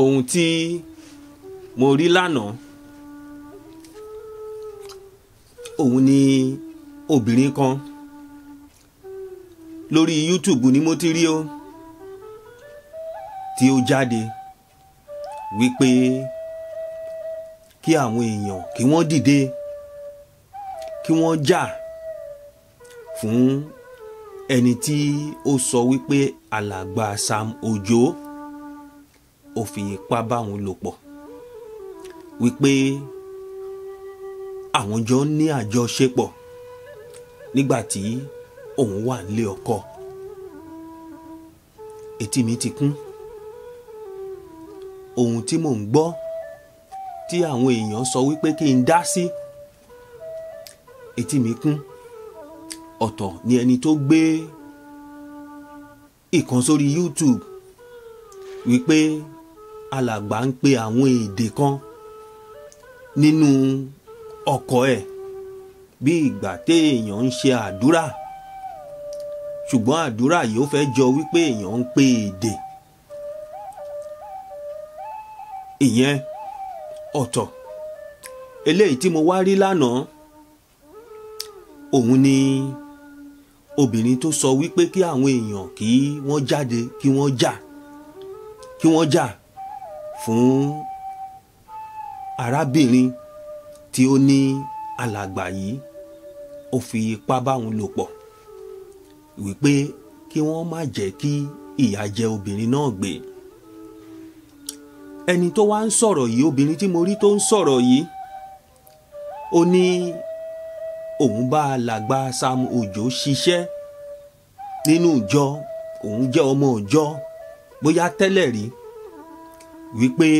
ohun tí mo rí lánàá òun ni obìnrin kan lórí YouTube ni mo ti rí o tí ó jáde wípé kí àwọn èèyàn kí wọ́n dìde kí wọ́n jà fún ẹni tí ó sọ wípé alàgbà Sam Ojo ó fi ipá bá òun lò pọ̀ wípé àwọn jọ ń ní àjọṣepọ̀ nígbà tí òun wà nílé ọkọ etí mi ti kún ohun tí mò ń gbọ́ tí àwọn èèyàn sọ wípé kí n dá sí etí mi kún ọ̀tọ̀ ni ẹni tó gbé ìkan sórí YouTube wípé alàgbà ń pe àwọn èdè kan nínú ọkọ̀ ẹ̀ bí ìgbà téèyàn ń ṣe àdúrà ṣùgbọ́n àdúrà yìí ó fẹ́ jọ wípé èèyàn ń pe èdè ìyẹn ọ̀tọ̀ eléyìí tí mo wá rí lánàá òun ni obìnrin tó sọ wípé kí àwọn èèyàn kí wọ́n jáde kí wọ́n jà kí wọ́n jà fún arábìnrin tí ó ní alàgbà yìí ó fi ipá báwọn lò pọ̀ wípé kí wọ́n má jẹ́ kí ìyà jẹ obìnrin náà gbé ẹni tó wá ń sọ̀rọ̀ yìí obìnrin tí mo rí tó ń sọ̀rọ̀ yìí ó ní òun bá alàgbà Sam Òjó ṣiṣẹ́ nínú ìjọ òun jẹ́ ọmọ ìjọ bóyá tẹ́lẹ̀ rí wípé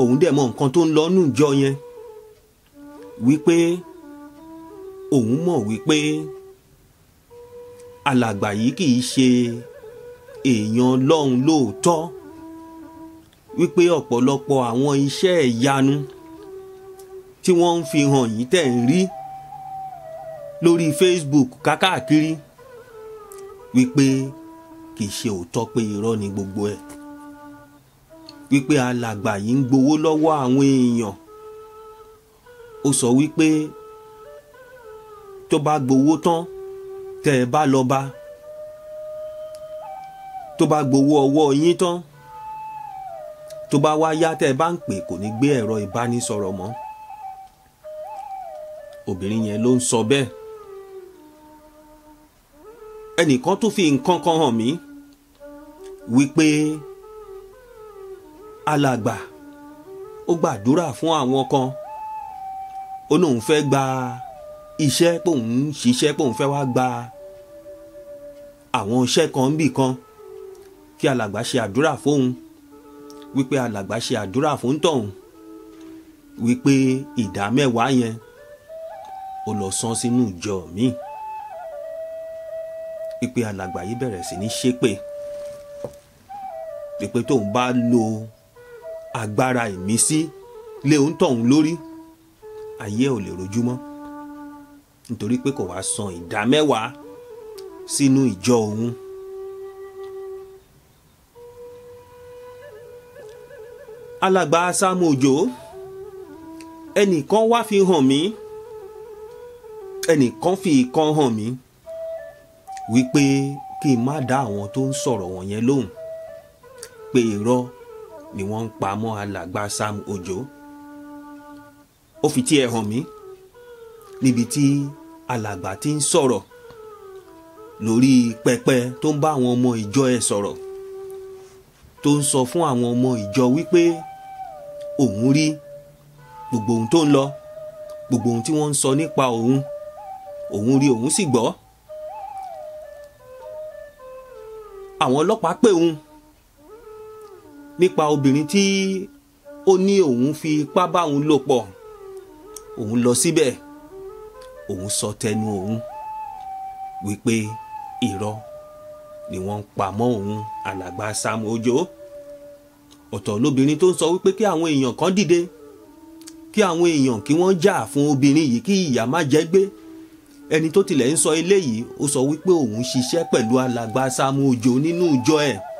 òun dẹ̀ mọ nǹkan tó ń lọ nù jọ yẹn wípé òun mọ̀ wípé alàgbà yìí kì í ṣe èèyàn lọ́hùn lóòótọ́ wípé ọ̀pọ̀lọpọ̀ àwọn iṣẹ́ ìyanu tí wọ́n ń fi hàn yìí tẹ̀ ń rí lórí Facebook kákàkiri wípé kì í ṣe òótọ́ pé irọ́ ni gbogbo ẹ̀. E wípé alàgbà yìí ń gbowó lọ́wọ́ àwọn èèyàn ó sọ wípé tó bá gbowó tán tẹ́ ẹ bá lọ bá tó bá gbowó ọwọ́ yín tán tó bá wá yá tẹ́ ẹ bá ń pè kò ní gbé ẹ̀rọ ìbánisọ̀rọ̀ mọ́ obìnrin yẹn ló ń sọ bẹ́ẹ̀ ẹnìkan tó fi nǹkan kan hàn mí wípé alàgbà ó gbàdúrà fún àwọn kan ó lóun fẹ́ gba iṣẹ́ pòun ń ṣiṣẹ́ pòun fẹ́ wá gba àwọn iṣẹ́ kan bì kan kí alàgbà ṣe àdúrà fóun wípé alàgbà ṣe àdúrà fóun tọ̀hún wípé ìdá mẹ́wàá yẹn ó lọ san sínú ìjọ mi wípé alàgbà yìí bẹ̀rẹ̀ sí ní ṣépè wípé tóun bá lo agbára ìmísí lé òǹtọ̀hún lórí ayé ò lè rojú mọ́ nítorí pé kò wá san ìdá mẹ́wàá sínú ìjọ òun. alàgbà Sáàmù Òjó ẹnìkan wá fi hàn mí ẹnìkan fi ìkan hàn mí wípé kí n má dá àwọn tó ń sọ̀rọ̀ wọ̀nyẹn lóhùn pé irọ́ ni wọ́n ń pa mọ́ alàgbà Sam Ojo ó fi tiẹ̀ hàn mí níbi tí alàgbà ti ń sọ̀rọ̀ lórí pẹpẹ tó ń bá àwọn ọmọ ìjọ ẹ̀ sọ̀rọ̀ tó ń sọ fún àwọn ọmọ ìjọ wípé òun rí gbogbo ohun tó ń lọ gbogbo ohun tí wọ́n ń sọ nípa òun òun rí òun sì gbọ́ àwọn ọlọ́pàá pè òun nípa obìnrin tí ó ní òun fi ipá bá òun lò pọ̀ òun lọ síbẹ̀ òun sọ tẹnu òun wípé irọ́ ni wọ́n ń pa mọ́ òun alàgbà Sam Ojo ọ̀tọ̀ lóbìnrin tó ń sọ wípé kí àwọn èèyàn kan dìde kí àwọn èèyàn kí wọ́n jà fún obìnrin yìí kí ìyà má jẹ gbé ẹni tó tilẹ̀ ń sọ eléyìí ó sọ wípé òun ṣiṣẹ́ pẹ̀lú alàgbà Sam Ojo nínú ìjọ ẹ̀. E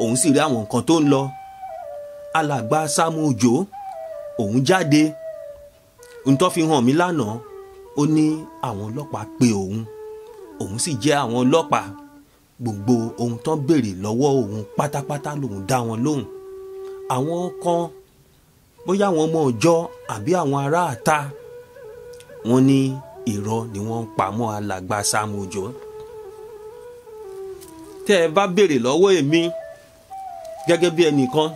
òun sì rí àwọn nǹkan tó ń lọ alàgbà Sámú Òjó òun jáde ntọ́ fi hàn mí lánàá ó ní àwọn ọlọ́pàá pe òun òun sì jẹ́ àwọn ọlọ́pàá gbogbo ohun tán béèrè lọ́wọ́ òun pátápátá lòun dá wọn lóhùn àwọn kan bóyá àwọn ọmọ ọjọ́ àbí àwọn aráàta wọ́n ní irọ́ ni wọ́n ń pa mọ́ alàgbà Sámú Òjó tẹ́ ẹ bá béèrè lọ́wọ́ èmi. E gẹ́gẹ́ bí ẹnìkan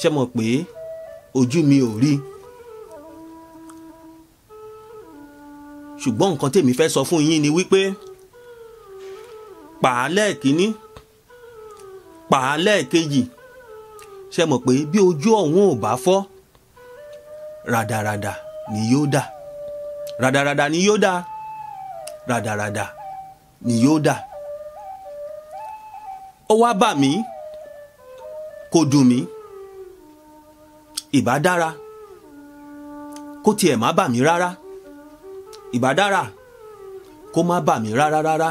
ṣe mọ̀ pé ojú mi ò rí ṣùgbọ́n nǹkan tèmi fẹ́ sọ fún yín ni wípé pàálẹ̀ kínní pàálẹ̀ kejì ṣe mọ̀ pé bí ojú ọ̀hún ò bá fọ́ ràdàràdà ni yóò dà ràdàràdà ni yóò dà ràdàràdà ni yóò dà ó wá bà mí kò dùn mí ìbá dára kó tiẹ̀ má bà mí rárá ìbá dára kó má bà mí rárá rárá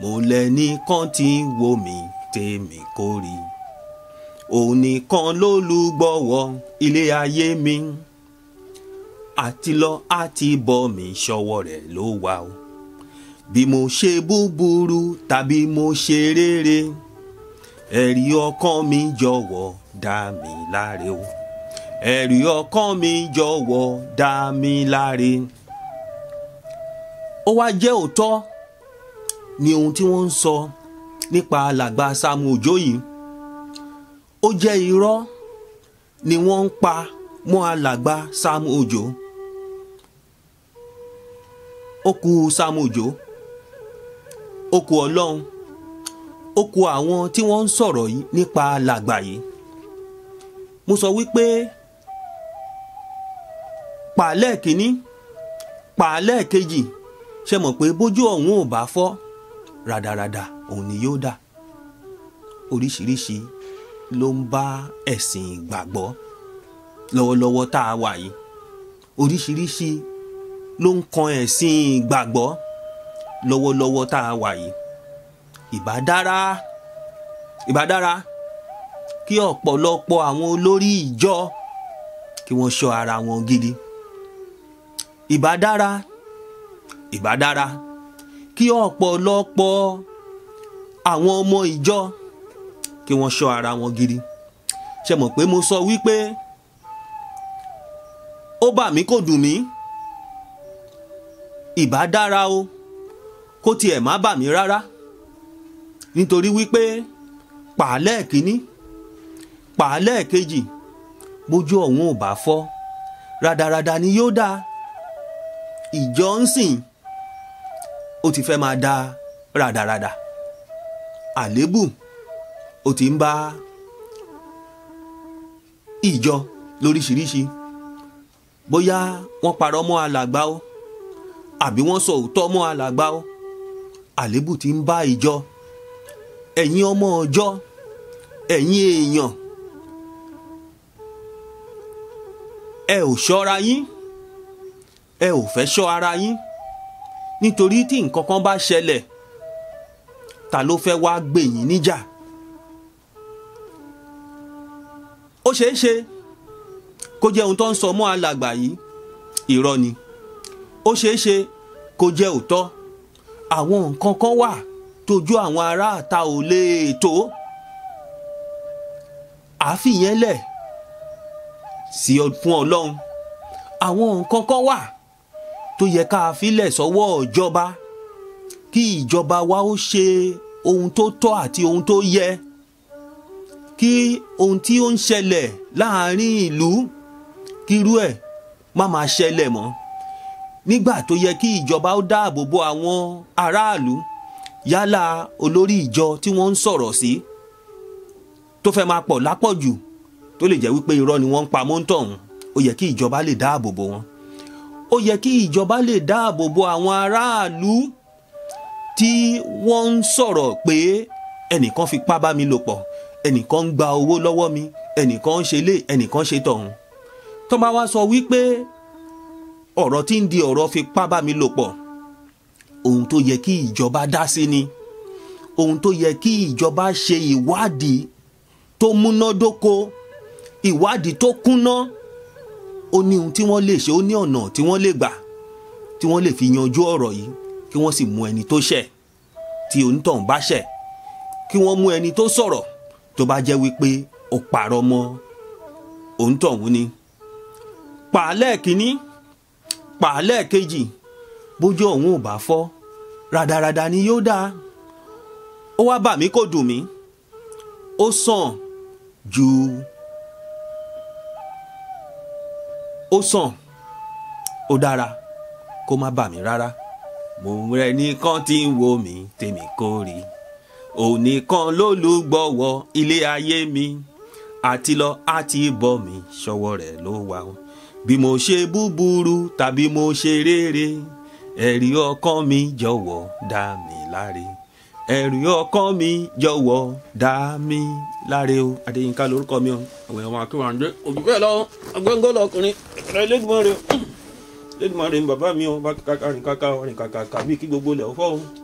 mo lẹ́ni kan tí ń wo mi tèmi kò rí òun nìkan ló lùgbọ̀wọ́ ilé ayé mi àti lọ àti bọ̀ mí ṣọwọ́ rẹ̀ ló wà o bí mo ṣe búburú tàbí mo ṣe rere ẹ̀rí ọkàn mi jọ̀wọ́ dá mi láre o ẹ̀rí ọkàn mi jọ̀wọ́ dá mi láre. ó wá jẹ́ òótọ́ ni ohun tí wọ́n ń sọ nípa alàgbà Sam Òjó yìí ó jẹ́ irọ́ ni wọ́n ń pa mọ́ alàgbà Sam Òjó ó kù Sam Òjó ó kù Ọlọ́run ó kó àwọn tí wọ́n ń sọ̀rọ̀ yìí nípa làgbà yìí mo sọ wípé pàálẹ̀ kìíní pàálẹ̀ kejì ṣe mọ̀ pé bójú ọ̀hún ò bá fọ́ rádaràda òun ni yóò dà oríṣiríṣi ló ń bá ẹ̀sìn ìgbàgbọ́ lọ́wọ́lọ́wọ́ tá a wà yìí oríṣiríṣi ló ń kan ẹ̀sìn ìgbàgbọ́ lọ́wọ́lọ́wọ́ tá a wà yìí ìbádára ìbádára kí ọ̀pọ̀lọpọ̀ àwọn olórí ìjọ kí wọ́n ṣọ́ ara wọn gidi ìbádára ìbádára kí ọ̀pọ̀lọpọ̀ àwọn ọmọ ìjọ kí wọ́n ṣọ́ ara wọn gidi ṣe mọ̀ pé mo sọ wípé ó bà mí kò dùn mí ìbádára o kó tiẹ̀ má bà mí rárá nítorí wípé pàálẹ̀ kínní pàálẹ̀ kejì bójú ọ̀hún ò bá fọ́ rádaràda ni yóò dá ìjọ ń sìn ó ti fẹ́ máa da rádaràda àlébù ó ti ń bá ìjọ lóríṣiríṣi bóyá wọ́n parọ́ mọ́ alàgbà o àbí wọ́n sọ òótọ́ mọ́ alàgbà o àlébù ti ń bá ìjọ. E ẹ̀yin ọmọ ọjọ́ ẹ̀yin èèyàn ẹ ò ṣọ́ra yín ẹ ò fẹ́ ṣọ́ ara yín nítorí tí nǹkan kan bá ṣẹlẹ̀ ta ló fẹ́ wá gbè yín níjà ó ṣeé ṣe kó jẹ́ ohun tó ń sọ mọ́ alàgbà yìí irọ́ ó ṣeé ṣe kó jẹ́ òótọ́ àwọn nǹkan kan wà tójú àwọn aráàta ò lè tó àfihàn lẹ̀ sí fún ọlọ́run àwọn nǹkan kan wà tó yẹ ká filẹ̀ sọ́wọ́ ìjọba kí ìjọba wa ó ṣe ohun tó tọ́ àti ohun tó yẹ kí ohun tí ó ń ṣẹlẹ̀ láàárín ìlú kírú ẹ̀ má máa ṣẹlẹ̀ mọ́ nígbà tó yẹ kí ìjọba ó dáàbò bo àwọn aráàlú yálà olórí ìjọ tí wọ́n ń sọ̀rọ̀ sí tó fẹ́ máa pọ̀ lápọ̀jù tó lè jẹ́ wípé irọ́ ni wọ́n ń pa mọ́ńtọ̀hún ó yẹ kí ìjọba lè dáàbò bo wọn ó yẹ kí ìjọba lè dáàbò bo àwọn aráàlú tí wọ́n ń sọ̀rọ̀ pé ẹnìkan fipá bá mi lò pọ̀ ẹnìkan ń gba owó lọ́wọ́ mi ẹnìkan ń ṣe lé ẹnìkan ṣe tọ̀hún tó bá sọ wípé ọ̀rọ̀ tí ń di ọ̀rọ̀ fipá bá mi lò pọ̀ ohun tó yẹ kí ìjọba dá sí ni ohun tó yẹ kí ìjọba ṣe ìwádìí tó múnádóko ìwádìí tó kúnná ó ní ohun tí wọ́n lè ṣe ó ní ọ̀nà tí wọ́n lè gbà tí wọ́n lè fi yanjú ọ̀rọ̀ yìí kí wọ́n sì mú ẹni tó ṣẹ̀ tí onítọ̀hún bá ṣẹ̀ kí wọ́n mú ẹni tó sọ̀rọ̀ tó bá jẹ́ wípé ó parọ́ mọ́ onítọ̀hún ni pàálẹ̀ kínní pàálẹ̀ kejì bójú ọ̀hún ò bá fọ́ ràdàràdà ni yóò dáa ó wá bà mí kò dùn mí ó sàn ju ó sàn ó dára kó má bà mí rárá mo rẹ nìkan tí ń wo mi tèmi kò rí òní kan lólùgbọ̀wọ́ ilé ayé mi àti lọ àti bọ̀ mi ṣọwọ́ rẹ̀ ló wà ó bí mo ṣe búburú tàbí mo ṣe rere ẹ̀rí ọkọ mi jọ̀wọ́ dá mi láre ẹ̀rí ọkọ mi jọ̀wọ́ dá mi láre o adéyínká lórúkọ mi o àwọn èèyàn máa kí wọn àǹdé òbí bẹ́ẹ̀ lọ agbẹ́ngàn lọkùnrin ẹ̀rọ Elédùmarè o Elédùmarè ni bàbá mi o bá kàkà rìn kàkà rìn kàkà kàbí kí gbogbo ilẹ̀ ọ̀fọ́ o.